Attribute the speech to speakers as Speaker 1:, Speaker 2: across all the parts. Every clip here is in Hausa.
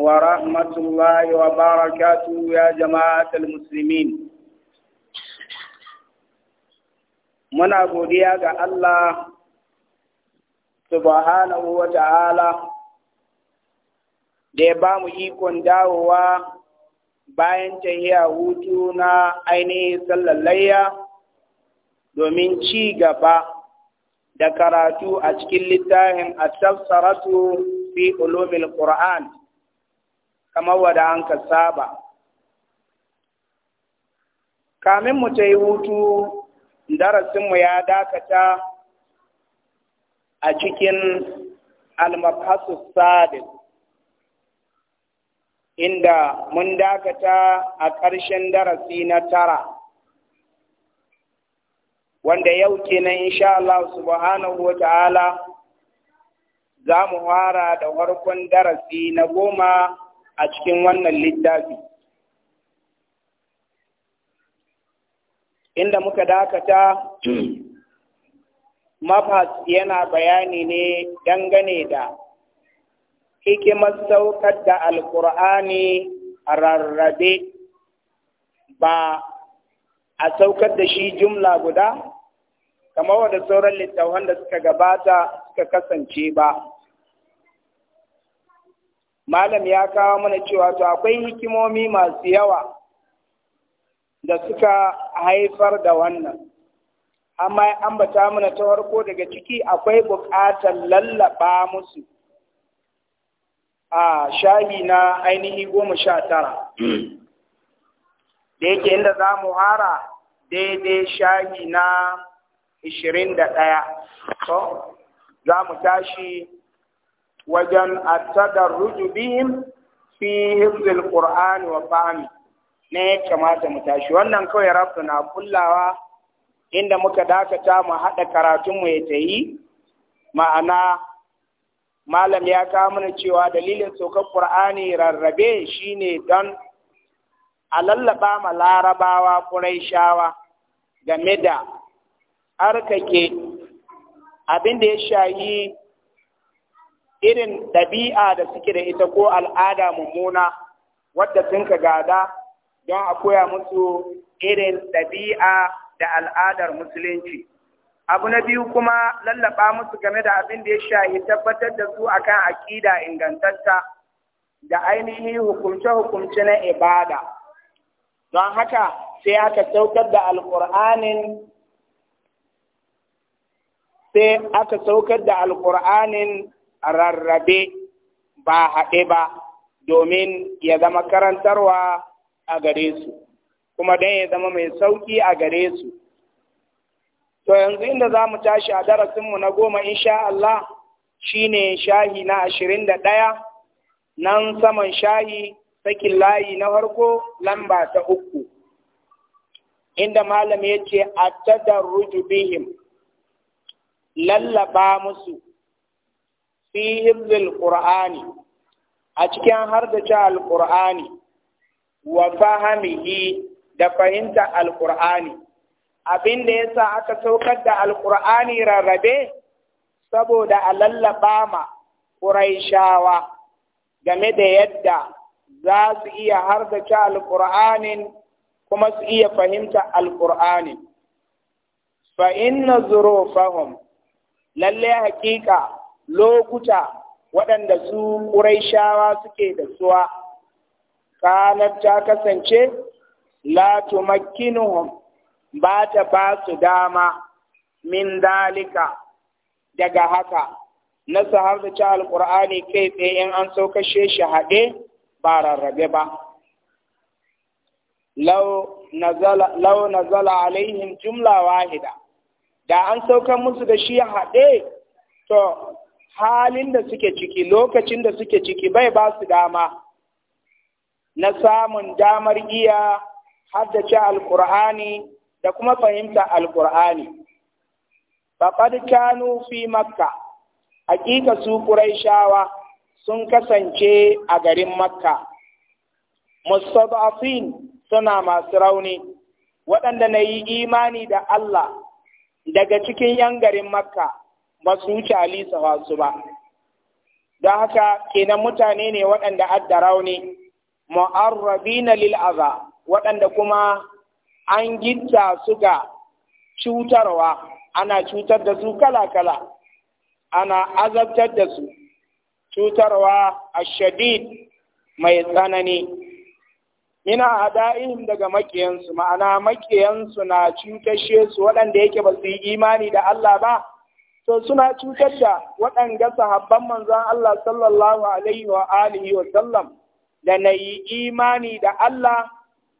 Speaker 1: wa barakatu ya يا جماعة المسلمين muna godiya ga Allah subhanahu wa ta'ala da ya ba mu ikon dawowa bayan tahiya hutu na ainihin sallallayya domin ci gaba da karatu a cikin littafin a tafsaratu fi ulumil Qur'an kamar wada an ka saba kamin mu ta yi hutu darasinmu ya dakata a cikin almafasu sadin inda mun dakata a ƙarshen darasi na tara wanda yau kenan insha Allah subhanahu wa ta'ala za mu fara da farkon darasi na goma a cikin wannan littafi inda muka dakata mafas yana bayani ne dangane da hikimar saukar da alkur'ani rarrabe ba a saukar da shi jumla guda kamar wadda sauran littafan da suka gabata suka kasance ba malam ya kawo mana cewa to akwai hikimomi masu yawa da suka haifar da wannan amma ya ambata mana ta farko daga ciki akwai buƙatar lallaba musu a shahi na ainihi goma sha tara da yake inda za mu hara daidai shahi na ishirin da ɗaya za mu tashi wajen at-tadarruju biyun fi hifzil qur'ani wa fahmi ne ya kamata mu tashi wannan kawai rabu na kullawa inda muka dakata mu haɗa mu ya tayi ma'ana malam ya kama mana cewa dalilin saukar qur'ani rarrabe shine don a lallaba ma larabawa shawa game da arkake abin da ya shayi irin ɗabi'a da suke da ita ko al'ada mummuna wadda sun ka gada don a koya musu irin ɗabi'a da al'adar musulunci. Abu na biyu kuma lallaba musu game da abin da ya shahi tabbatar da su akan aƙida ingantatta da ainihin hukumce-hukumce na ibada. Don haka sai aka saukar da alƙur'anin sai aka saukar da alƙur'anin a rarrabe ba haɗe ba domin ya zama karantarwa a gare su kuma don ya zama mai sauƙi a gare su to yanzu inda za mu tashi a darasinmu na goma insha Allah shine shahi na ashirin da ɗaya nan saman shahi sakin layi na farko lamba ta uku inda malam ya ce a tadarruju bihim lallaba musu fi hibzil qur'ani a cikin hardace Alƙur'ani, wa fahamihi da fahimta Alƙur'ani. abin da sa aka saukar da alqur'ani rarrabe saboda a lallaba ma ƙuraishawa game da yadda za su iya hardace alqur'anin kuma su iya fahimta alqur'anin fa inna zurufahum lalle hakika lokuta waɗanda su shawa suke da suwa kanar ta kasance la tumakkinuhum ba ta ba su dama min dalika daga haka na sahabta alƙur'ani kai tsaye in an so kashe shi haɗe ba rarrabe ba lau nazala alaihim jumla wahida da an sauka musu da shi haɗe to halin da suke ciki lokacin da suke ciki bai ba su dama na samun damar iya haddace alkur'ani da kuma fahimta alkur'ani faƙad kanu fi makka hakika su ƙuraishawa sun kasance a garin makka mustadafin suna masu rauni waɗanda na yi imani da Allah daga cikin ‘yan garin makka ba su wuce alisa wasu ba don haka kenan mutane ne waɗanda addarau ne mu'arrabina na lil'aza waɗanda kuma an gitta su ga cutarwa ana cutar da su kala-kala ana azabtar da su cutarwa a shadid mai tsanani ina hada'ihim daga makiyansu ma'ana makiyansu na cutashe su waɗanda yake ba su yi imani da Allah ba to suna cutar da waɗanga sahabban manzon Allah sallallahu alaihi wa alihi wa sallam da na yi imani da Allah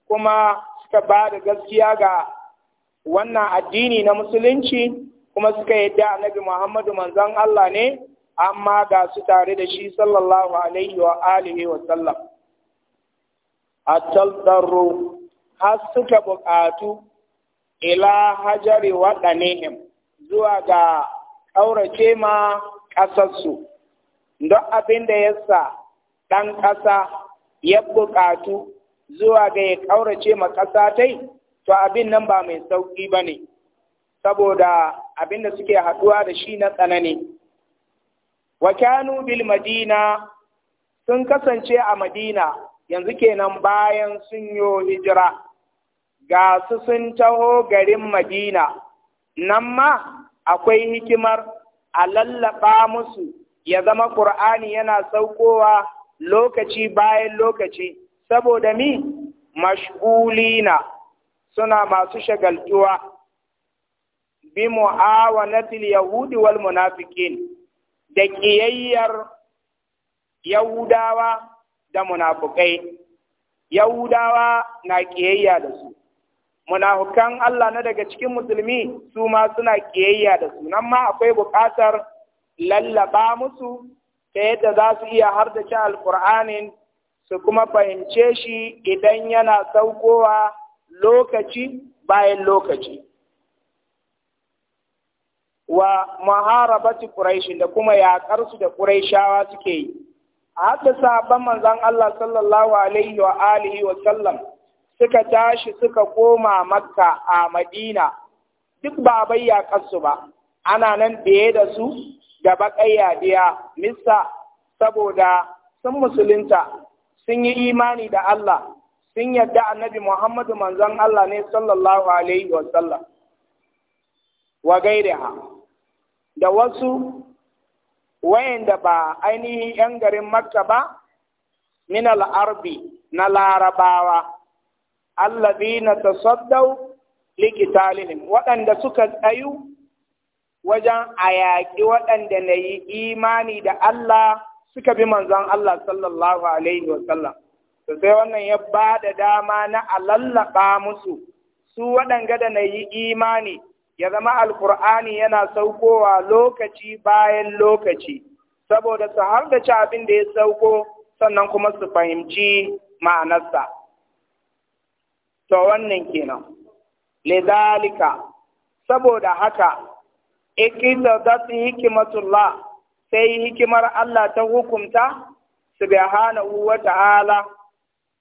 Speaker 1: kuma suka ba da gaskiya ga wannan addini na musulunci kuma suka yadda annabi Muhammadu manzon Allah ne amma ga su tare da shi sallallahu alaihi wa alihi wa sallam har suka buƙatu ila hajari waɗanehim zuwa ga ƙaurace ma ƙasarsu, don abin da yasa ɗan ƙasa ya buƙatu zuwa ga ya ƙaurace ma ƙasa tai, to abin nan ba mai sauƙi ba ne, saboda abin da suke haɗuwa da shi na tsanani. Wakanu bil Madina sun kasance a Madina yanzu kenan bayan sun yi hijira, ga su sun taho garin Madina, nan ma akwai hikimar a lallaba musu ya zama ƙur'ani yana saukowa lokaci bayan lokaci saboda mi mashgulina suna masu shagaltuwa bi mu'awanatil yahudi wal munafiqin da ƙiyayyar yahudawa da munafukai yahudawa na ƙiyayya da su munafukan Allah na daga cikin musulmi su ma suna kiyayya da su nan ma akwai buƙatar lallaba musu ta yadda za su iya hardace alƙur'anin su kuma fahimce shi idan yana saukowa lokaci bayan lokaci wa muharabati quraish da kuma yaƙarsu da quraishawa suke yi a haka manzon Allah sallallahu alaihi wa alihi wa sallam suka tashi suka koma makka a madina duk ba bayya kansu ba ana nan biye da su da baƙayya biya misa saboda sun musulunta sun yi imani da Allah sun yadda annabi Muhammadu manzon Allah ne sallallahu alaihi wa sallam wa da wasu wayanda ba ainihin 'yan garin Makka ba min arbi na larabawa allazina tasaddaw liqitalihim waɗanda suka tsayu wajen a yaƙi waɗanda na yi imani da Allah suka bi manzon Allah sallallahu alaihi wasallam to sai wannan ya ba da dama na alallaɓa musu su waɗanga da na yi imani ya zama alkur'ani yana saukowa lokaci bayan lokaci saboda su har da ci abin da ya sauko sannan kuma su fahimci ma'anarsa to wannan kenan lidalika saboda haka ikita da su hikimatullah sai hikimar Allah ta hukumta subhanahu wa ta'ala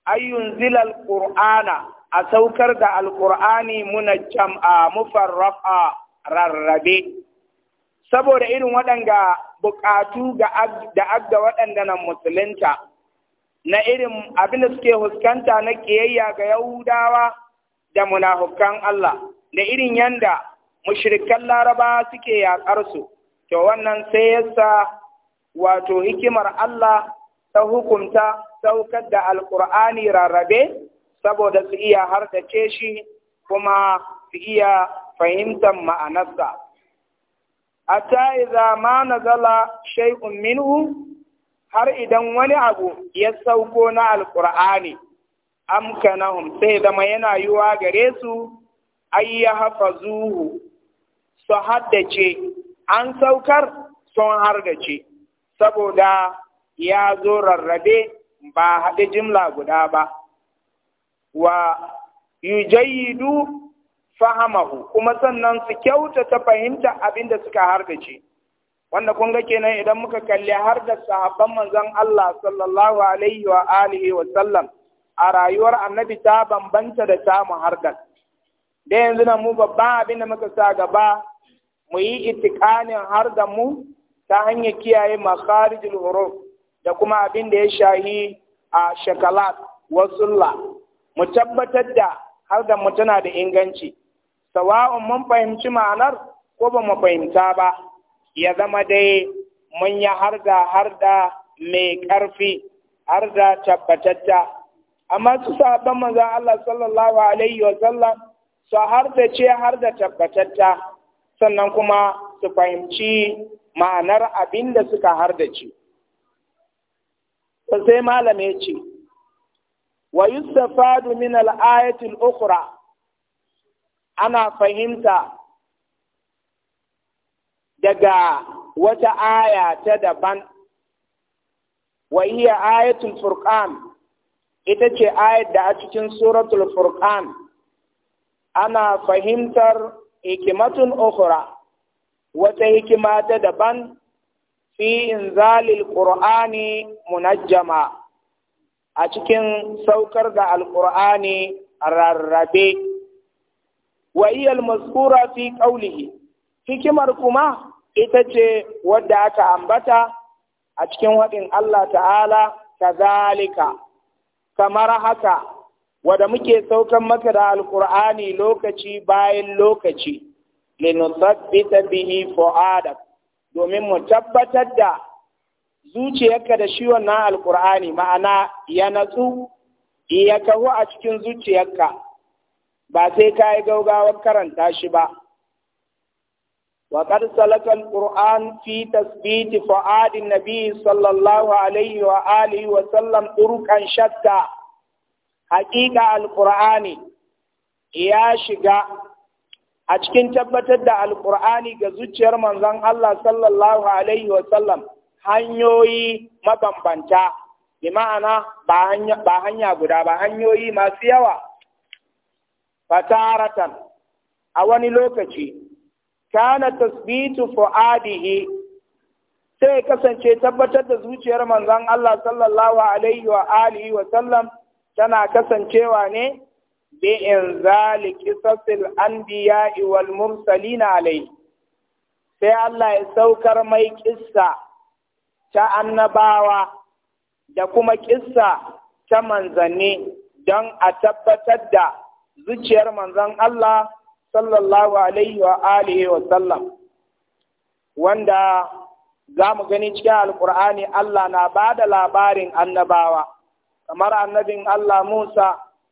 Speaker 1: ayyun zilal qur'ana a saukar da alqur'ani munajjam a mufarrafa rarrabe saboda irin waɗanga buƙatu da agga waɗanda nan musulunta na irin abin da suke huskanta na ƙiyayya ga Yahudawa da munafukan Allah, da irin yanda mushrikan Laraba suke yaƙar su, to wannan sai yasa wato hikimar Allah ta hukunta saukar da Alƙur'ani rarrabe saboda su iya hardace shi kuma su iya fahimtar ma'anarsa. A ta'iza ma nazala shay'un minhu har idan wani abu ya sauko na alƙur'ani amkanahum sai zama yana yiwa gare su ai hafa zuhu su haddace an saukar sun hargace, saboda ya zo rarrabe ba haɗe jimla guda ba wa yujayyidu fahamahu kuma sannan su kyautata fahimta abinda suka hargace. wanda kun ga kenan idan muka kalli har da sahabban manzon Allah sallallahu alaihi wa alihi wa sallam a rayuwar annabi ta bambanta da ta mu har da da yanzu nan mu babban abin da muka sa gaba mu yi itikanin har da mu ta hanyar kiyaye makharijul huruf da kuma abinda ya shahi a shakalat wasulla mu tabbatar da har da mu tana da inganci sawa'un mun fahimci ma'anar ko ba mu fahimta ba ya zama dai mun yi harda harda mai ƙarfi harda tabbatatta amma su sahabban maza Allah sallallahu alaihi wa sallam su harda ce harda tabbatatta sannan kuma su fahimci ma'anar abin da suka hardace sai malam ya ce wa yustafadu min al-ayati ana fahimta daga wata aya ta daban wa iya ayatul furqan ita ce ayat da a cikin suratul furqan ana fahimtar hikimatun ukhra wata hikima ta daban fi inzalil qur'ani munajjama a cikin saukar da alqur'ani rarrabe wa iya fi qawlihi hikimar kuma ita ce wadda aka ambata a cikin waɗin Allah ta'ala kazalika kamar haka wadda muke saukan maka da alkur'ani lokaci bayan lokaci linusabbita bihi fo'ada, domin mu tabbatar da zuciyarka da shi wannan alkur'ani ma'ana ya natsu ya kahu a cikin zuciyarka ba sai ka yi gaugawar karanta shi ba وقد سلك القرآن في تثبيت فؤاد النبي صلى الله عليه وآله وسلم طرقا شتى حقيقة القرآن يا شقا a cikin tabbatar da Alƙur'ani ga zuciyar manzon Allah sallallahu alaihi mabambanta bi ma'ana ba hanya guda ba hanyoyi masu yawa fataratan a wani lokaci kana tasbitu fu'adihi sai kasance tabbatar da zuciyar manzon Allah sallallahu alaihi wa alihi wa sallam tana kasancewa ne bi inzali qisasil anbiya wal mursalin alai sai Allah ya saukar mai kissa ta annabawa da kuma kissa ta manzanni don a tabbatar da zuciyar manzon Allah sallallahu alaihi wa alihi wa sallam wanda za mu gani cikin alkur'ani Allah na ba da labarin annabawa kamar annabin Allah Musa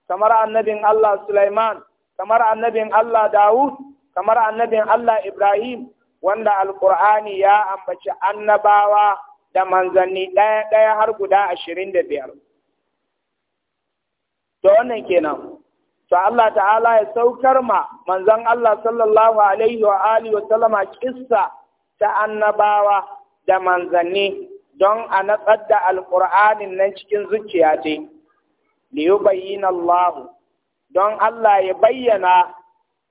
Speaker 1: kamar annabin Allah Sulaiman kamar annabin Allah Dawud kamar annabin Allah Ibrahim wanda alkur'ani ya ambaci annabawa da manzanni ɗaya ɗaya har guda ashirin da biyar. To wannan kenan. to Allah ta'ala ya saukar ma manzon Allah sallallahu alaihi wa alihi wa sallama kissa ta annabawa da manzanni don a natsar da alƙur'anin nan cikin zuciya ce li yubayyana Allah don Allah ya bayyana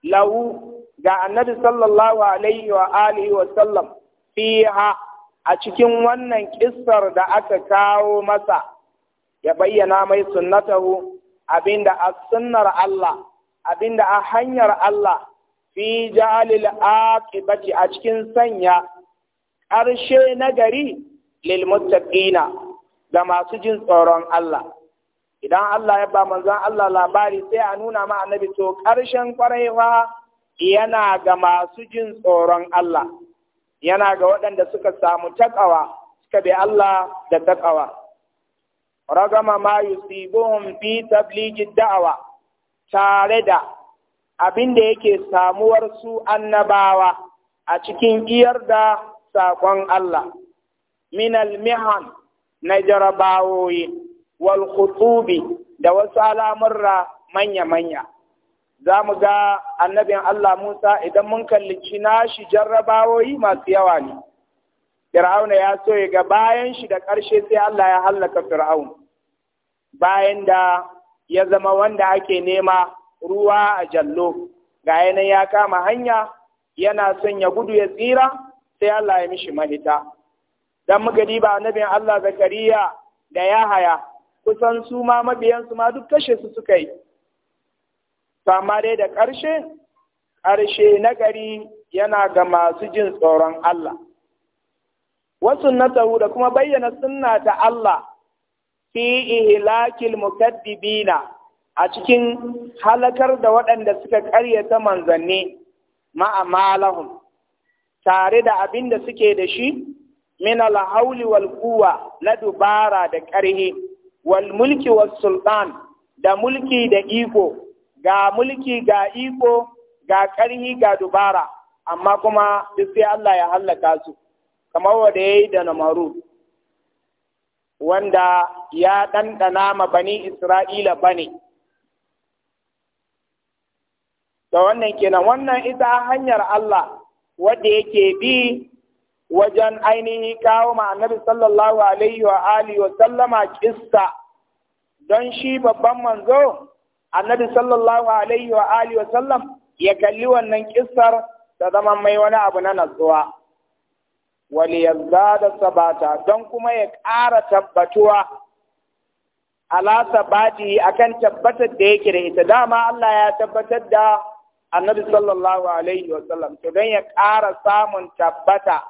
Speaker 1: lahu ga annabi sallallahu alaihi wa alihi wa sallam fiha a cikin wannan kissar da aka kawo masa ya bayyana mai sunnatahu abinda a sunnar Allah abinda a hanyar Allah fi jalil aqibati a cikin sanya ƙarshe nagari gari lil ga masu jin tsoron Allah idan Allah ya ba manzon Allah labari sai a nuna ma annabi to ƙarshen kwaraiwa yana ga masu jin tsoron Allah yana ga waɗanda suka samu takawa suka bi Allah da takawa ragama ma yusibuhum fi tablighi da'awa tare da abin da yake samuwar su annabawa a cikin iyar da saƙon Allah minal mihan na jarabawoyi wal khutubi da wasu alamurra manya-manya za mu ga annabin Allah Musa idan mun kalli nashi jarrabawoyi masu yawa ne Fir'auna ya so ya ga bayan shi da ƙarshe sai Allah ya hallaka Fir'aun. Bayan da ya zama wanda ake nema ruwa a jallo, ga yanayi ya kama hanya yana son ya gudu ya tsira sai Allah ya mishi mahita. Dan muka diba annabin Allah Zakariya da Yahaya kusan su ma mabiyansu ma duk kashe su suka yi. Amma dai da ƙarshe, ƙarshe na gari yana ga masu jin tsoron Allah. Wasu sunnatahu da kuma bayyana sunna ta Allah fi ihilakil mukaddibina a cikin halakar da waɗanda suka ƙaryata manzanni ma'amalahum tare da abin da suke da shi min alhauli wal kuwa na dubara da ƙarhi wal mulki sultan da mulki da iko ga mulki ga iko ga ƙarhi ga dubara amma kuma duk sai Allah ya hallaka su kamar wanda ya yi da namaru wanda ya ɗanɗana ma bani isra'ila bane da wannan kenan wannan ita hanyar Allah wadda yake bi wajen ainihi kawo ma annabi sallallahu alaihi wa alihi wa sallama kista don shi babban manzo annabi sallallahu alaihi wa alihi wa sallam ya kalli wannan kissar da zama mai wani abu na natsuwa da sabata don kuma ya ƙara tabbatuwa ala sabati akan tabbatar da yake da ita dama Allah ya tabbatar da annabi sallallahu alaihi wa sallam to don ya ƙara samun tabbata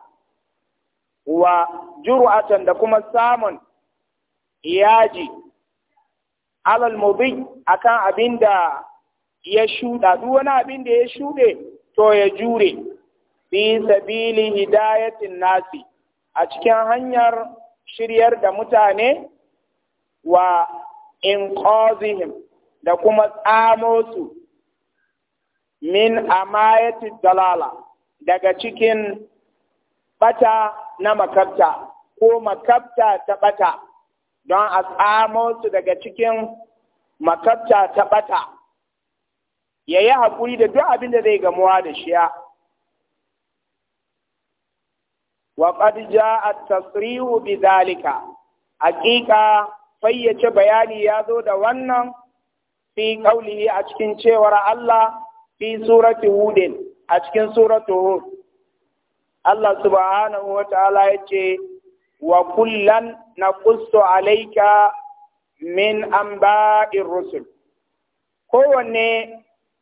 Speaker 1: wa jur'atan da kuma samun iyaji alal mubi akan abinda ya shuɗa duk wani abin da ya shuɗe to ya jure fi sabili hidayatin nasi a cikin hanyar shiryar da mutane wa inqazihim da kuma tsamo su min amayati dalala daga cikin bata na makabta ko makabta ta bata don a tsamo daga cikin makabta ta bata ya yi haƙuri da duk abin da zai gamuwa da shiya wa qad jaa at-tasrihu bi dhalika haqiqa fayyace bayani ya zo da wannan fi qawlihi a cikin cewar Allah fi surati hud a cikin suratu hud Allah subhanahu wa ta'ala yace wa kullan naqussu alayka min an rusul kowanne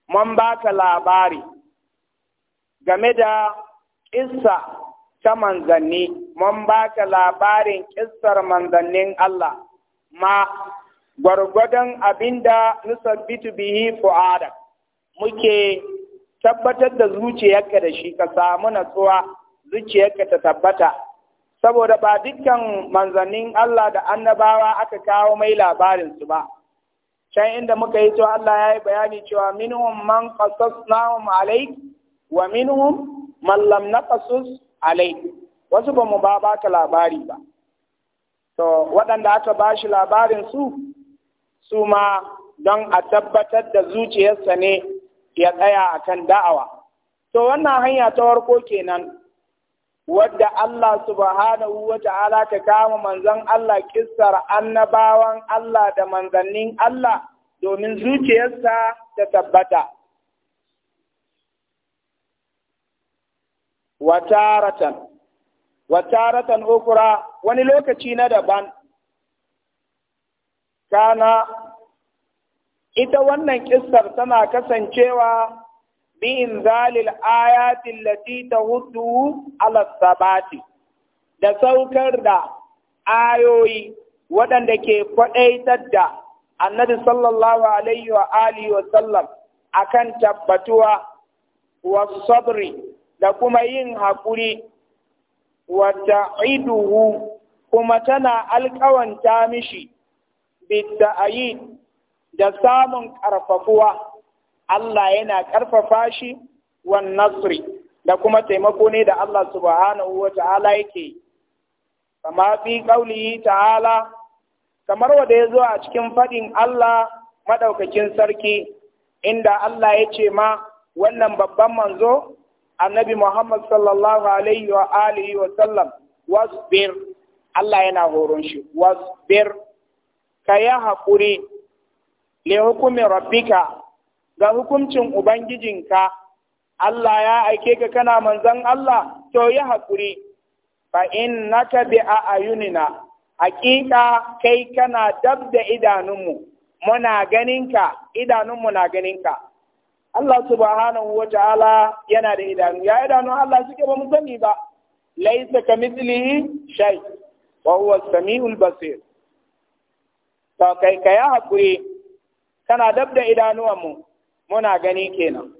Speaker 1: mun ba ka labari game da ƙissa ta manzanni mun baka labarin kissar manzannin Allah ma gwargwadon abinda nusabbitu bihi fu'ada muke tabbatar da zuciyarka da shi ka samu natsuwa zuciyarka ta tabbata saboda ba dukkan manzannin Allah da annabawa aka kawo mai labarinsu ba can inda muka yi to Allah ya yi bayani cewa minhum man qasasnahum alaik wa minhum man lam naqasus alai wasu ba mu ba baka labari ba to waɗanda aka ba shi labarin su su ma don a tabbatar da zuciyarsa ne ya tsaya a kan da'awa to wannan hanya ta warko kenan wadda Allah subhanahu wa ta'ala ta kama manzon Allah kissar annabawan Allah da manzannin Allah domin zuciyarsa ta tabbata wa taratan wani lokaci na daban kana ita wannan kissar tana kasancewa bi zalil ayati allati hudu ala sabati da saukar da ayoyi waɗanda ke kwaɗaitar da annabi sallallahu alaihi wa alihi wa sallam akan tabbatuwa wa sabri da kuma yin haƙuri wata ta'iduhu kuma tana alƙawanta mishi ayi da samun ƙarfafuwa Allah yana ƙarfafa shi wan nasri da kuma taimako ne da Allah subhanahu wa ta'ala yake kama fi ƙaulihi ta'ala kamar wanda ya zo a cikin faɗin Allah maɗaukakin sarki inda Allah ya ce ma wannan babban manzo annabi Muhammad sallallahu alaihi wa alihi wa sallam wasbir Allah yana horon shi wasbir ka yi haƙuri le hukumin rabbika ga hukuncin ubangijinka Allah ya aike ka kana manzan Allah to yi haƙuri fa innaka bi ayunina hakika kai kana dab da idanunmu muna ganinka idanunmu na ganinka Allah subhanahu wa ta'ala yana da idanu ya idanu Allah suke ba mu sani ba laisa kamithlihi shay wa huwa samiul basir to kai kai hakuri kana dab da idanuwan mu muna gani kenan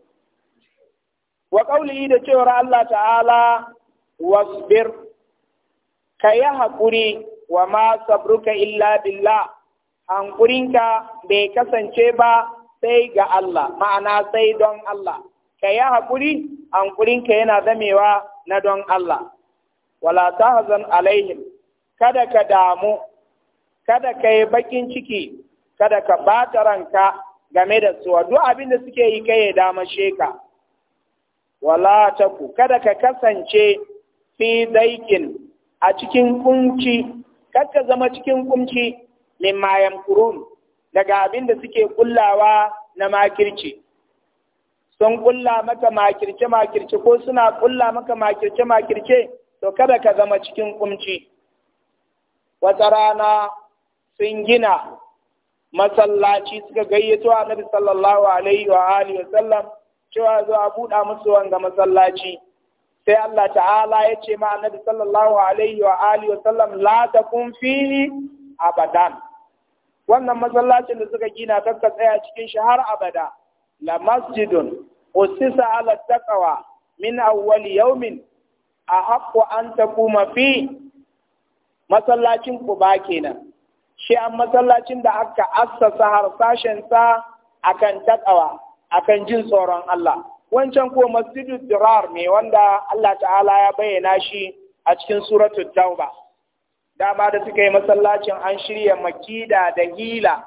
Speaker 1: wa qawlihi da cewar Allah ta'ala wasbir kai hakuri wa ma sabruka illa billah hankurinka bai kasance ba sai ga Allah ma'ana sai don Allah ka yi haƙuri ankurinka yana zamewa na don Allah wala ta hazan alaihim kada ka damu kada ka yi bakin ciki kada ka bata ranka game da su duk abin da suke yi kai ya damashe ka wala ku, kada ka kasance fi daikin a cikin kunci kada ka zama cikin kunci mimma kurum. daga abin da suke kullawa na makirci sun kulla maka makirce makirce ko suna kulla maka makirce makirce to kada ka zama cikin kumci wata rana sun gina masallaci suka gayyato annabi sallallahu alaihi wa alihi wa sallam cewa zo a buɗa musu wanga masallaci sai Allah ta'ala ya ce ma annabi sallallahu alaihi wa alihi wa sallam la takun fihi abadan wannan masallacin da suka gina kanka tsaya cikin shi har abada la masjidun usisa ala taqwa min awwali yawmin a an takuma fi masallacin kuba kenan shi an masallacin da aka assasa sa akan taqwa akan jin tsoron Allah wancan ko masjidul dirar ne wanda Allah ta'ala ya bayyana shi a cikin suratul tauba dama da suka yi masallacin an shirya makida da hila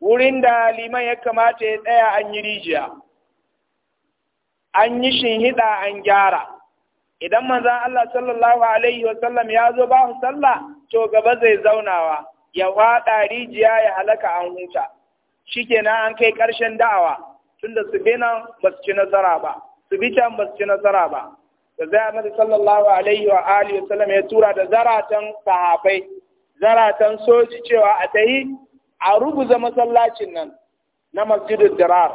Speaker 1: wurin da liman ya kamata ya tsaya an yi rijiya an yi shinhiɗa an gyara idan manzan Allah sallallahu alaihi wasallam ya zo ba sallah to gaba zai zaunawa ya waɗa rijiya ya halaka an huta shikenan an kai karshen da'awa tunda su bi nan ba su ci nasara ba su bi can ba su ci nasara ba da a annabi sallallahu alaihi wa alihi wasallam ya tura da zaratan sahabai zaratan soji cewa a ta yi a ruguza masallacin nan na masjidu dirar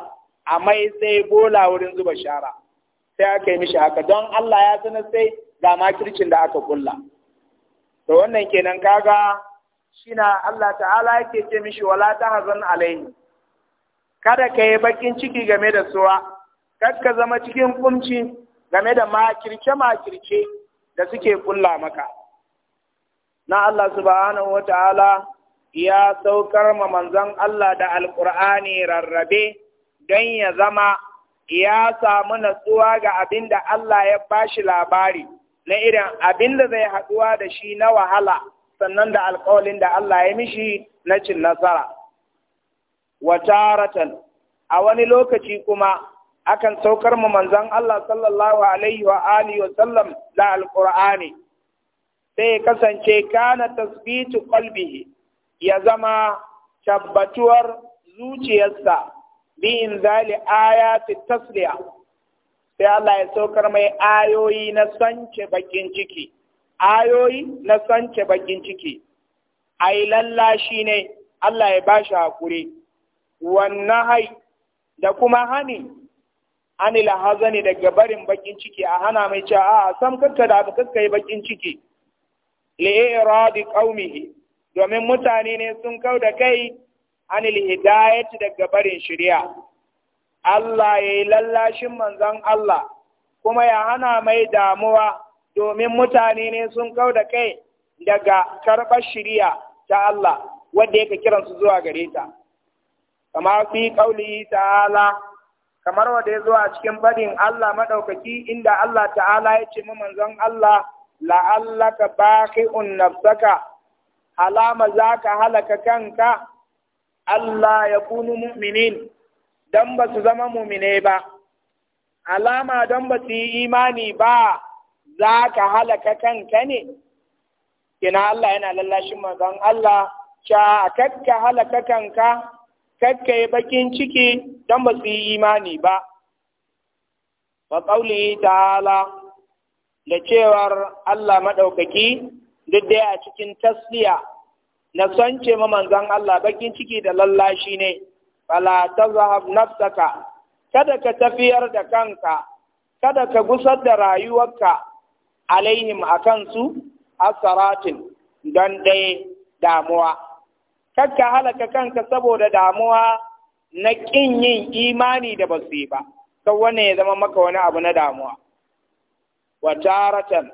Speaker 1: a mai sai bola wurin zuba shara sai aka yi mishi haka don Allah ya sanar sai ga makircin da aka kulla to wannan kenan kaga shina Allah ta'ala yake ce mishi wala ta hazan alaihi kada ka yi bakin ciki game da suwa kar ka zama cikin kunci game da makirke-makirke da suke kulla maka. Na Allah subhanahu wa ta'ala ya saukar ma manzon Allah da Alƙur'ani rarrabe don ya zama ya samu natsuwa ga abinda Allah ya bashi labari na irin abinda zai haɗuwa da shi na wahala sannan da alkawalin da Allah ya mishi na cin nasara. Wataratan, a wani lokaci kuma akan saukar mu manzon Allah sallallahu alaihi wa alihi wa sallam da alqur'ani sai kasance kana tasbitu qalbihi ya zama tabbatuwar zuciyarsa bi zali ayati tasliya sai Allah ya saukar mai ayoyi na sance bakin ciki ayoyi na sance bakin ciki ai lallashi ne Allah ya bashi hakuri wannan hai da kuma hani anil hazani daga barin bakin ciki a hana mai cewa a sam kanka da abu kanka yi bakin ciki iradi qaumihi domin mutane ne sun kau da kai anil hidayati daga barin shari'a Allah ya yi lallashin manzon Allah kuma ya hana mai damuwa domin mutane ne sun kau da kai daga karɓar shari'a ta Allah wanda yake kiransu zuwa gare ta kama fi qauli ta'ala kamar wanda ya zo a cikin barin Allah maɗaukaki inda Allah ta'ala ya ce manzon Allah la'allaka baqi'un nafsaka alama zaka halaka kanka Allah ya kunu mu'minin dan ba su zama mu'mine ba alama dan ba su yi imani ba zaka halaka kanka ne kina Allah yana lallashin manzon Allah cha akakka halaka kanka ka yi bakin ciki don ba su yi imani ba wa ƙauli hala. da cewar Allah maɗaukaki duk dai a cikin tasliya na son ce manzon Allah bakin ciki da lallashi ne fala tazhab nafsaka kada ka tafiyar da kanka kada ka gusar da rayuwarka alaihim akan su asaratin don ɗaya damuwa kakka halaka kanka saboda damuwa na ƙin yin imani da ba ba kan wane ya zama maka wani abu na damuwa wa taratan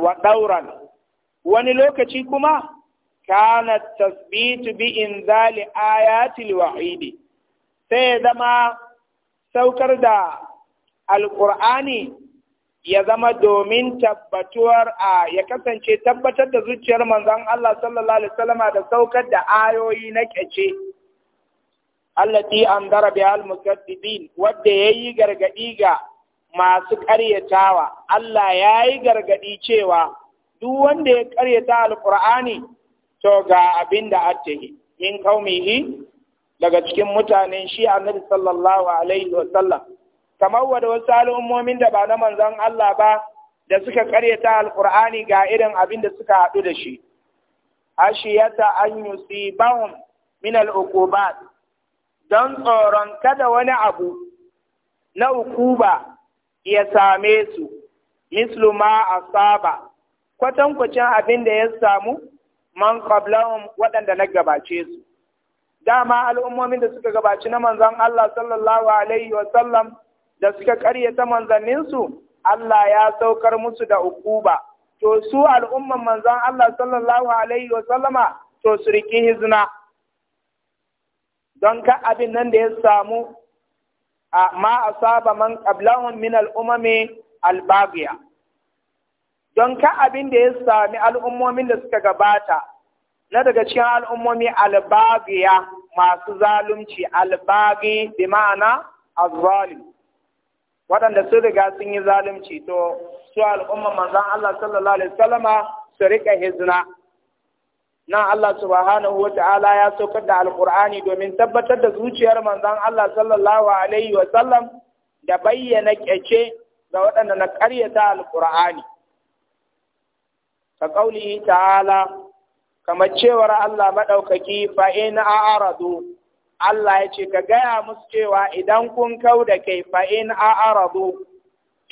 Speaker 1: wa ɗauran wani lokaci kuma kana tasbitu bi in zali ayatil wa'idi sai ya zama saukar da alƙur'ani ya zama domin tabbatuwar a ya kasance tabbatar da zuciyar manzan Allah sallallahu alaihi wasallama da saukar da ayoyi na kyace allati dara bi al mukaddibin ya yi gargaɗi ga masu ƙaryatawa Allah ya yi gargaɗi cewa duk wanda ya ƙaryata Alƙur'ani to ga abinda attahi in kaumihi, daga cikin mutanen shi annabi sallallahu alaihi wasallam kamar wa da wasu al'ummomin da ba na manzon Allah ba da suka karyata alkur'ani ga irin abin da suka haɗu da shi ashiyata an yusibahum min al'uqubat don tsoron kada wani abu na ukuba ya same su mislu ma asaba kwatankwacin abin da ya samu man qablahum waɗanda na gabace su dama al'ummomin da suka gabaci na manzon Allah sallallahu alaihi wa da suka karyata manzanninsu Allah ya saukar musu da ukuba to su al'umman manzan Allah sallallahu alaihi wa sallama to su riki hizna don ka abin nan da ya samu a ma asaba man qablahum min al'umami albagiya don ka abin da ya sami al'ummomin da suka gabata na daga cikin al'ummomi albagiya masu zalunci albabi bi ma'ana azzalim waɗanda su riga sun yi zalunci to su al'umma manzan Allah sallallahu alaihi su riƙa hizna Na Allah subhanahu wa ta'ala ya saukar da alqur'ani domin tabbatar da zuciyar manzan Allah sallallahu alaihi wasallam da bayyana ƙyace ga waɗanda na ƙaryata alqur'ani ka ta'ala kamar cewar Allah maɗaukaki fa in a'radu Allah ya ce ka gaya musu cewa idan kun kau da kai fa'in a arabu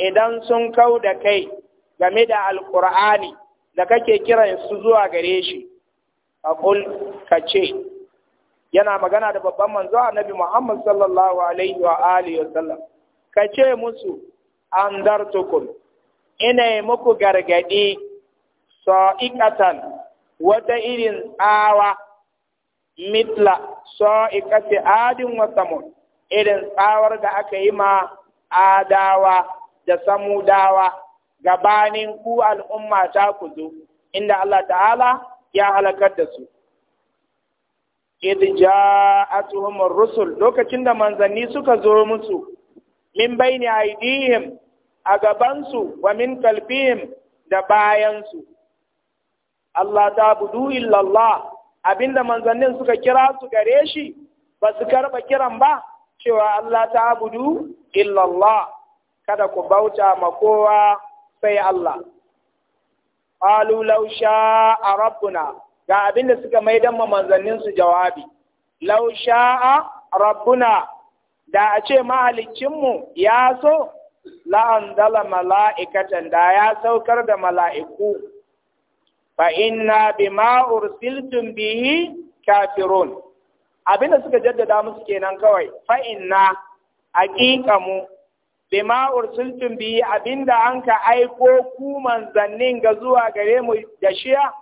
Speaker 1: idan sun kau da kai game da alkur'ani da kake kiran su zuwa gare shi a ka ce yana magana da babban manzo annabi Muhammad sallallahu alaihi wa alihi wasallam ka ce musu an tukun. ina muku gargadi sa'iqatan wata irin tsawa mitla so ikati adin wa samud irin tsawar da aka yi ma adawa da samudawa gabanin ku al'umma ta ku zo inda Allah ta'ala ya halakar da su id ja'atuhum ar-rusul lokacin da manzanni suka zo musu min baini aidihim a gaban su, wa min kalbihim da bayan su. Allah ta budu illallah abinda manzannin suka kira su gare shi ba su karba kiran ba cewa Allah ta abudu illallah kada ku bauta ma kowa sai Allah qalu law sha'a rabbuna ga abinda suka maidan ma manzannin su jawabi law sha'a rabbuna da a ce mu ya so la'andala mala'ikatan da ya saukar da mala'iku fa inna bima ursiltum bihi kafirun abinda suka jaddada musu kenan kawai fa inna aqiqa mu bima ursiltum bihi abinda ka aiko ku manzannin ga zuwa gare mu da shiya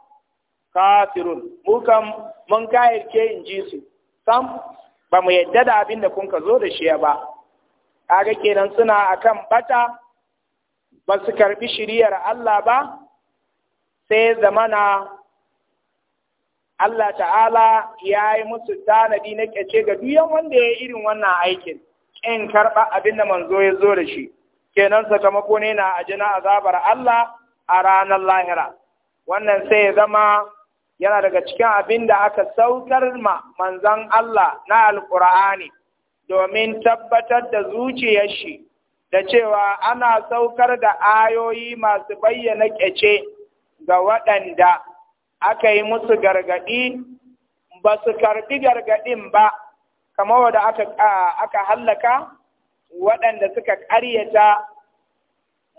Speaker 1: kafirun mu kam mun kayarke in ji su sam ba mu yadda da abinda kun ka zo da shiya ba kaga kenan suna akan bata ba su karbi shiriyar Allah ba sai zamana Allah ta'ala ya yi musu tanadi na ƙyace ga duyan wanda ya yi irin wannan aikin in karɓa abin da manzo ya zo da shi kenan sakamako ne na ajina azabar Allah a ranar lahira wannan sai ya zama yana daga cikin abin da aka saukar ma manzan Allah na alƙur'ani domin tabbatar da zuciyar shi da cewa ana saukar da ayoyi masu bayyana ƙyace ga waɗanda aka yi musu gargaɗi ba su karɓi gargaɗin ba kamar wadda aka, aka hallaka waɗanda suka ƙaryata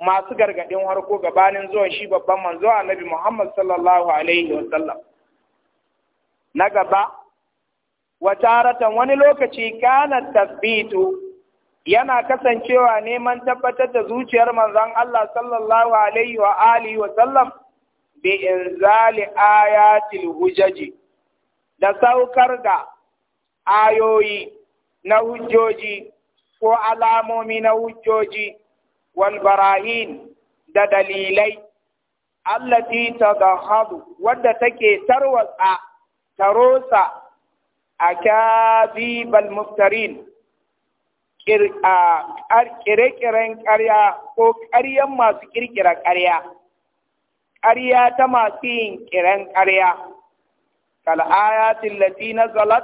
Speaker 1: masu gargaɗin harko gabanin zuwan shi babban manzo annabi Muhammad sallallahu alaihi wasallam na gaba wataratan wani lokaci kanar tasbitu yana kasancewa neman tabbatar da zuciyar manzon Allah sallallahu alaihi wa alihi wa sallam bi inzali ayatil hujaji da saukar da ayoyi na hujjoji ko alamomi na hujjoji wal barahin da dalilai allati tadhhabu wadda take tarwatsa tarosa akazibal muftarin kire-kiren ƙarya ko ƙaryan masu ƙirƙira ƙarya ƙarya ta masu yin ƙiran ƙarya kal'ayatin lati na zalat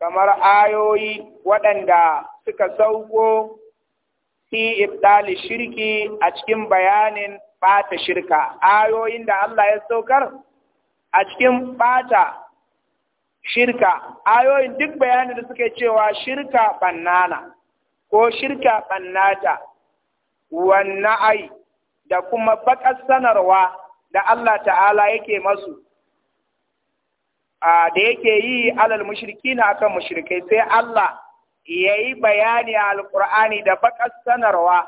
Speaker 1: kamar ayoyi waɗanda suka sauko fi ibdali shirki a cikin bayanin ɓata shirka ayoyin da Allah ya saukar a cikin ɓata shirka ayoyin duk bayanin da suke cewa shirka bannana ko shirka bannata wannan ai da kuma baƙar sanarwa da Allah ta'ala yake masu da yake yi alal mushriki na akan mushrikai sai Allah ya yi bayani a alƙur'ani da baƙar sanarwa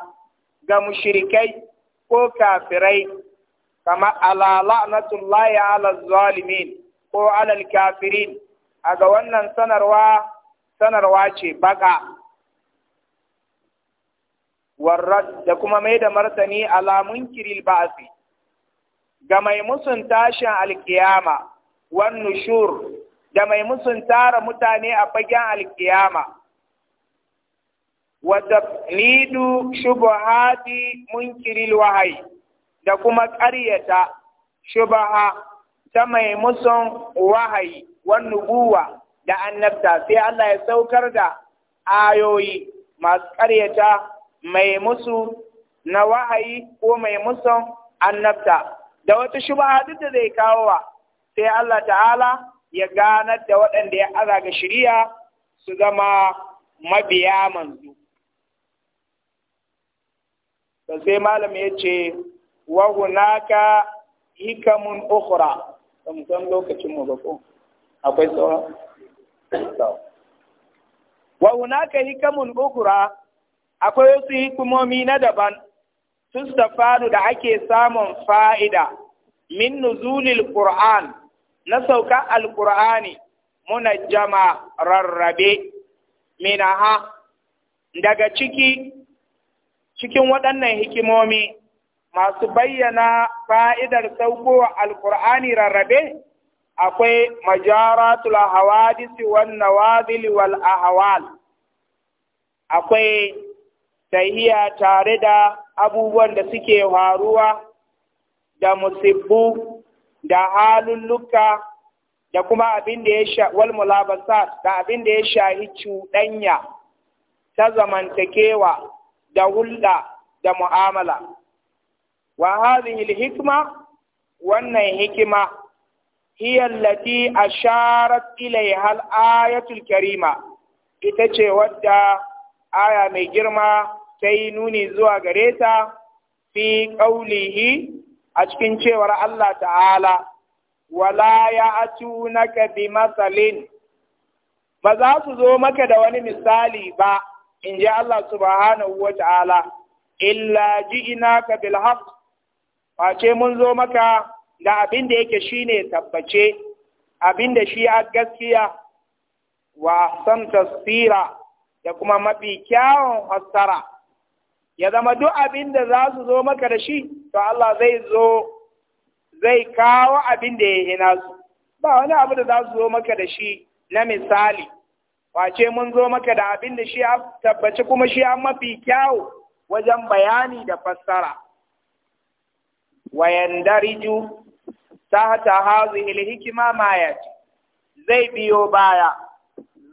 Speaker 1: ga mushrikai ko kafirai kama ala la'natullahi ala zalimin ko alal kafirin a ga wannan sanarwa sanarwa ce baƙa warrat da kuma mai da martani ala munkiril ba'si ga mai musun tashin alkiyama wan nushur da mai musun tara mutane a fagen alkiyama wa tafnidu shubuhati munkiril wahayi da kuma ƙaryata shubaha ta mai musun wahayi wan nubuwa da annabta sai Allah ya saukar da ayoyi masu ƙaryata mai musu na wahayi ko mai musun annabta da wata shubha duk da zai kawo wa sai Allah ta'ala ya ganar da waɗanda ya aza ga shari'a su zama mabiya manzo to sai malam ya ce wa hunaka hikamun ukhra ban san lokacin mu ba ko akwai sauran wa hunaka hikamun ukhra akwai wasu hikimomi na daban tustafadu da ake samun fa'ida min nuzulil Qur'an na sauka alƙur'ani munajjama rarrabe minaha daga ciki cikin waɗannan hikimomi masu bayyana fa'idar saukowa alƙur'ani rarrabe akwai majaratul hawadisi wan nawadili wal ahwal akwai sahiya tare da abubuwan da suke faruwa da musibbu da halulluka da kuma abin da ya sha wal mulabasat da abin da ya shahi cuɗanya ta zamantakewa da hulɗa da mu'amala wa hadhihi hikma wannan hikima hiya allati asharat sharar al-ayatul karima ita ce wadda aya mai girma sai nuni zuwa gare ta fi ƙaulihi a cikin cewar Allah ta'ala, wala ya naka bi masalin ba za su zo maka da wani misali ba, in ji Allah subhanahu wa ta'ala, illa ji ina ka bilhaf, ce mun zo maka da abin da yake shi ne tabbace, abin da shi a gaskiya, wa san tasfira da kuma mafi kyawun fassara. ya zama duk abin da za su zo maka da shi to Allah zai zo zai kawo abin da ya hina su ba wani abu da za su zo maka da shi na misali wace mun zo maka da abin da shi tabbaci kuma shi an mafi kyawo wajen bayani da fassara wayandariju ta hata alhikma hikima mayat, zai biyo baya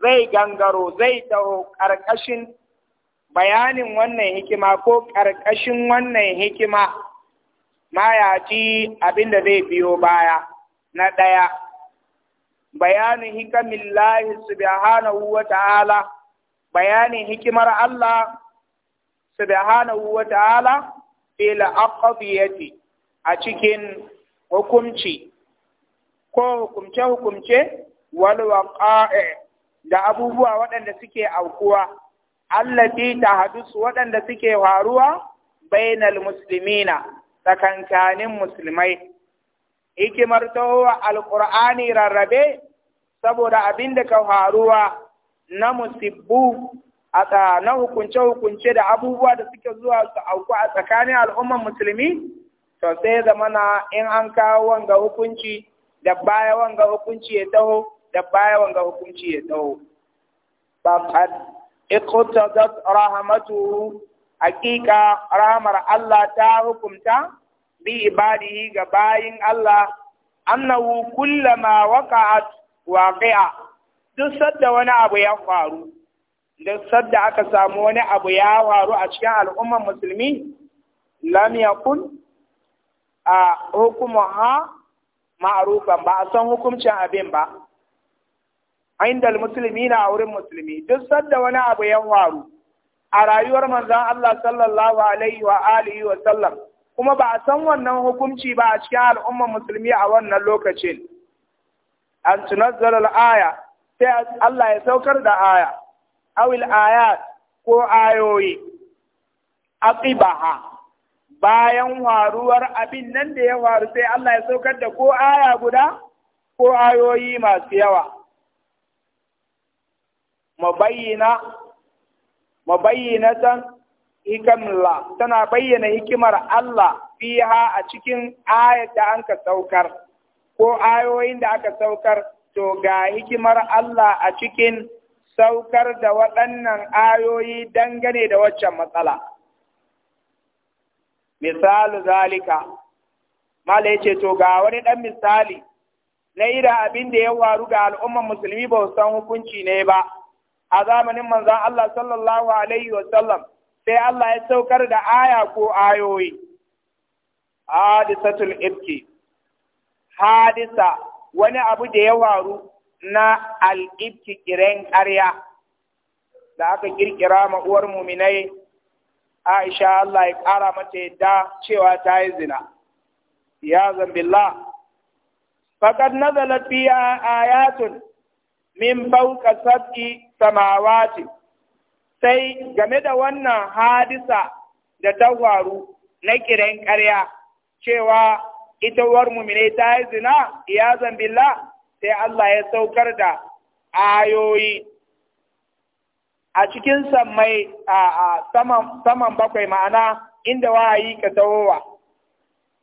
Speaker 1: zai gangaro zai taho ƙarƙashin bayanin wannan hikima ko ƙarƙashin wannan hikima ma ya ci abin da zai biyo baya na ɗaya bayanin hikamin lahi subhanahu wa ta'ala bayanin hikimar Allah subhanahu wa ta'ala fil aqdiyati a cikin hukunci ko hukumce hukumce wal waqa'i da abubuwa waɗanda suke aukuwa allati tahdusu waɗanda suke faruwa bainal muslimina tsakankanin musulmai hikimar tahowa alqur'ani rarrabe saboda abin da ka faruwa na musibbu a na hukunce-hukunce da abubuwa da suke zuwa su auku a tsakanin al'ummar musulmi to sai zamana in an kawo wanga hukunci da baya wanga hukunci ya taho da baya wanga hukunci ya taho. iqtadat rahmatu haƙiƙa rahmar Allah ta hukumta bi ibadi ga bayin Allah annahu kullama waqa'at waqi'a duk sadda wani abu ya faru duk sadda aka samu wani abu ya faru a cikin al'ummar musulmi lam yakun a hukumuha ma'rufan ba a san hukuncin abin ba indal المسلمين a wurin musulmi duk sanda wani abu ya faru a rayuwar manzon Allah sallallahu alaihi wa alihi kuma ba a san wannan hukunci ba a cikin al'ummar musulmi a wannan lokacin an tunazzala al sai Allah ya saukar da bayan waruwar abin nan da ya waru sai Allah ya saukar da ko aya guda ko ayoyi masu yawa mabayyana mabayyinatan hikamla tana bayyana hikimar Allah fiha a cikin ayat da anka saukar ko ayoyin da aka saukar to ga hikimar Allah a cikin saukar da waɗannan ayoyi dangane da waccan matsala misalu zalika malai ce to ga wani ɗan misali na ira abin da ya waru ga al'ummar musulmi ba san hukunci ne ba a zamanin manzan Allah sallallahu alaihi wa sai Allah ya saukar da aya ko ayoyi hadisatul ibki hadisa wani abu da ya waru na al'ibki kiren ƙarya da aka ƙirƙira ma’uwar uwar muminai Aisha Allah ya ƙara mata yadda cewa ta yi zina. Ya zambillah, faƙad nazala a ayatun min fauka sab'i samawati sai game da wannan hadisa da ta faru na kiran ƙarya cewa ita war mumine ta yi zina ya zambilla sai Allah ya saukar da ayoyi a cikin sammai a saman bakwai ma'ana inda wahayi ka tawowa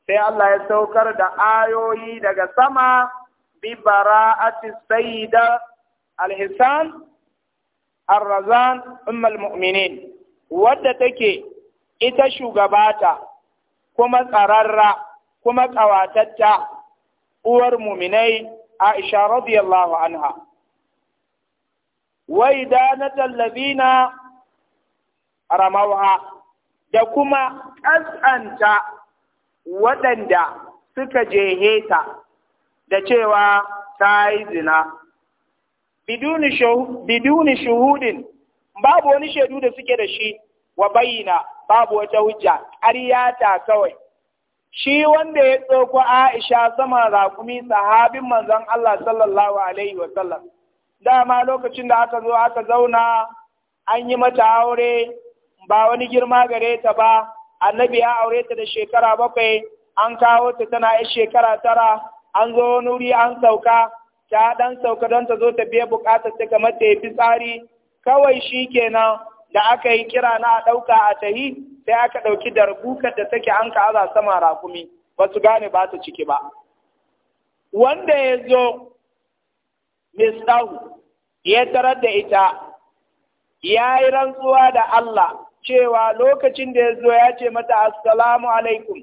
Speaker 1: sai Allah ya saukar da ayoyi daga sama bi bara'ati sayyida alhisan arrazan ummul mu'minin wadda take ita shugabata kuma tsararra kuma ƙawatatta uwar muminai Aisha radiyallahu anha wai danatal ladina ramauha da kuma ƙasƙanta waɗanda suka jehe ta da cewa ta yi zina biduni shuhudin babu wani shaidu da suke da shi wa bayyana babu wata hujja ƙarya kawai shi wanda ya tsoko Aisha saman raƙumi sahabin manzon Allah sallallahu alaihi wa sallam dama lokacin da aka zo aka zauna an yi mata aure ba wani girma gare ta ba annabi ya aure ta da shekara bakwai an kawo ta tana yar shekara tara an zo wani an sauka ta ɗan sauka don ta zo ta biya bukatar ta kamar ta yi tsari kawai shi kenan da aka yi kira na a ɗauka a tahi sai aka ɗauki darbukar da take an ka aza sama rakumi ba su gane ba ta ciki ba wanda ya zo mistahu ya tarar da ita ya yi rantsuwa da Allah cewa lokacin da ya zo ya ce mata assalamu alaikum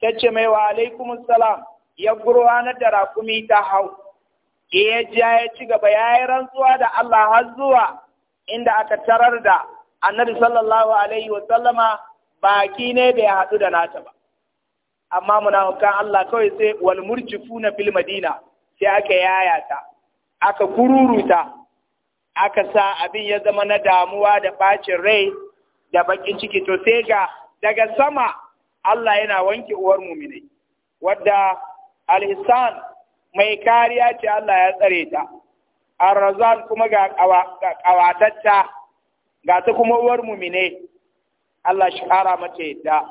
Speaker 1: ta ce mai wa alaikum salam ya gurwanar da rakumi ta hau ya ja ya ci gaba ya yi rantsuwa da Allah har zuwa inda aka tarar da annabi sallallahu alaihi wa sallama baki ne bai haɗu da nata ba amma munafukan Allah kawai sai wal murjifuna fil madina sai aka yayata aka kururuta aka sa abin ya zama na damuwa da bacin rai da bakin ciki to sai ga daga sama Allah yana wanke uwar mumini wadda al-ihsan mai kariya ce Allah ya tsare ta ar kuma ga kawatacca ga ta kuma uwar mumine Allah shi kara mace yadda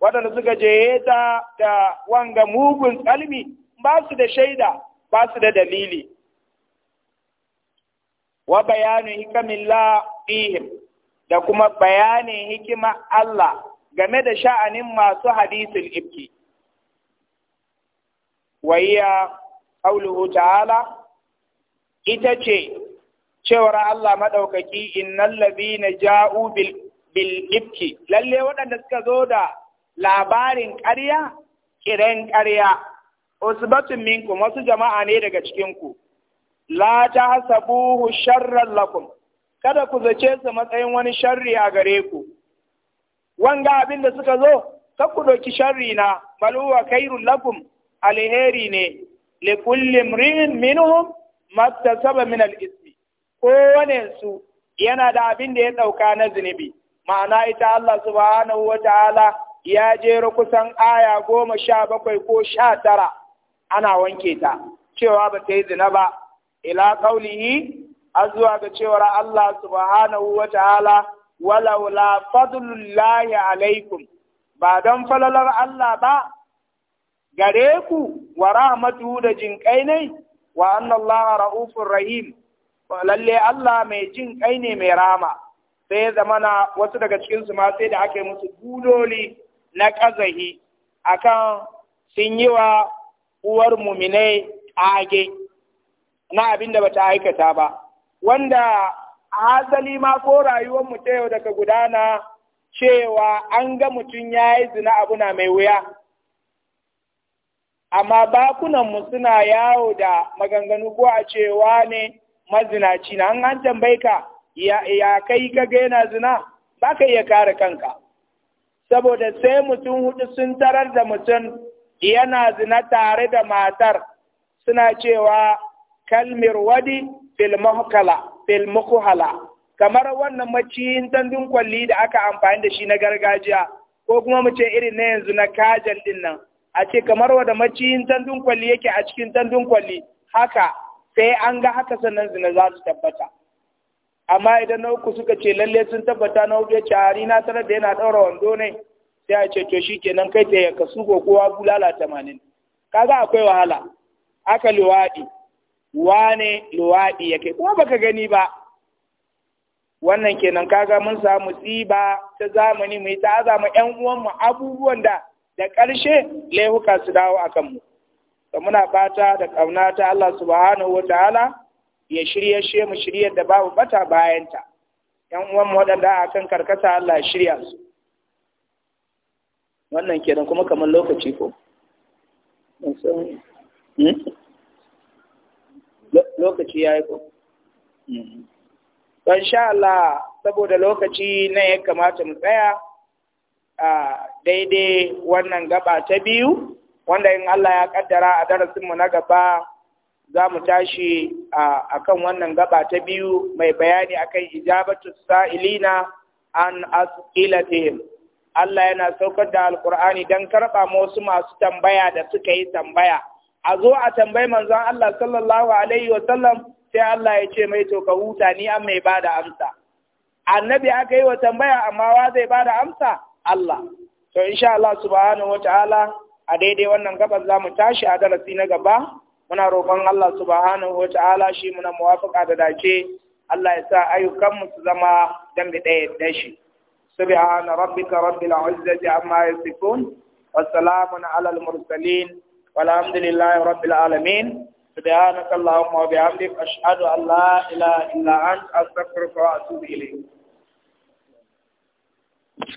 Speaker 1: waɗanda suka je ta da wanga mugun tsalmi ba su da shaida ba su da dalili wa bayanin hikamin la'ihim da kuma bayanin hikima Allah game da sha'anin masu hadisul ibki iya qawluhu ta'ala ita ce cewar Allah madaukaki innal ladina ja'u bil bil ifki lalle waɗanda suka zo da labarin ƙarya kiran ƙarya usbatun masu wasu jama'a ne daga cikin ku la hasabuhu sharran lakum kada ku zace su matsayin wani sharri a gare ku wanga abin da suka zo kar ku sharri na bal huwa lakum alheri ne likulli imrin minhum maktasaba min al-ismi kowane su yana da abin da ya dauka na zunubi ma'ana ita Allah subhanahu wa ta'ala ya jero kusan aya goma sha bakwai ko sha tara ana wanke ta cewa ba ta yi zina ba ila qaulihi zuwa ga cewar Allah subhanahu wa ta'ala walaula fadlullahi alaikum ba don falalar Allah ba gare ku wa rahmatu da jinƙai ne wa annallaha ra'ufur rahim lalle Allah mai jin kai ne mai rama sai ya zamana wasu daga cikin su ma sai da ake musu budoli na kazahi akan sun yi wa uwar muminai age na abin da bata aikata ba wanda asali ma ko rayuwar mu ta yau daga gudana cewa an ga mutum ya yi zina abu na mai wuya amma bakunanmu suna yawo da maganganu ko a cewa ne mazinaci na an tambaye ka ya kai ka ga yana zina ba ka iya kare kanka saboda sai mutum hudu sun tarar da mutum yana zina tare da matar suna cewa kalmir wadi fil kamar wannan maciyin tandun kwalli da aka amfani da shi na gargajiya ko kuma mu ce irin na yanzu na kajal din a ce kamar wada maciyin tandun kwalli yake a cikin tandun kwalli haka sai an ga haka sannan zina za su tabbata amma idan na uku suka ce lalle sun tabbata na uku ya ce a na sanar da yana ɗaura wando ne sai a ce to shi kenan kai ta ya kasu ko kowa bulala tamanin kaga akwai wahala Haka luwaɗi wane luwaɗi yake kuma baka gani ba wannan kenan kaga mun samu tsiba ta zamani mai ta azama ƴan uwanmu abubuwan da da ƙarshe laifuka su dawo a kanmu da muna fata da ƙauna ta Allah subhanahu wa ta'ala ya shirye shi mu shirye da babu bata bayanta yan uwan waɗanda a kan karkata Allah ya shirya su wannan kenan kuma kamar lokaci ko hmm? lokaci ya yi ko don hmm. sha Allah saboda lokaci na ya kamata mu tsaya daidai wannan gaba ta biyu wanda in Allah ya kaddara a darasin mu na gaba za mu tashi a kan wannan gaba ta biyu mai bayani akan ijabatu sa'ilina an as'ilatihim Allah yana saukar da alkur'ani don karɓa wasu masu tambaya da suka yi tambaya a zo a tambayi manzon Allah sallallahu alaihi wa sai Allah ya ce mai toka huta ni an mai ba da amsa annabi aka yi wa tambaya amma wa zai bada amsa Allah to insha Allah subhanahu ta'ala a daidai wannan gabas za mu tashi a darasi na gaba muna roƙon Allah subhanahu ta'ala shi muna muwafaka da dace Allah ya sa ayyukanmu su zama dambe ɗaya da shi subhana rabbika rabbil izzati amma yasifun wassalamu ala al mursalin walhamdulillahi rabbil alamin سبحانك اللهم وبحمدك أشهد أن لا إله إلا أنت أستغفرك وأتوب إليك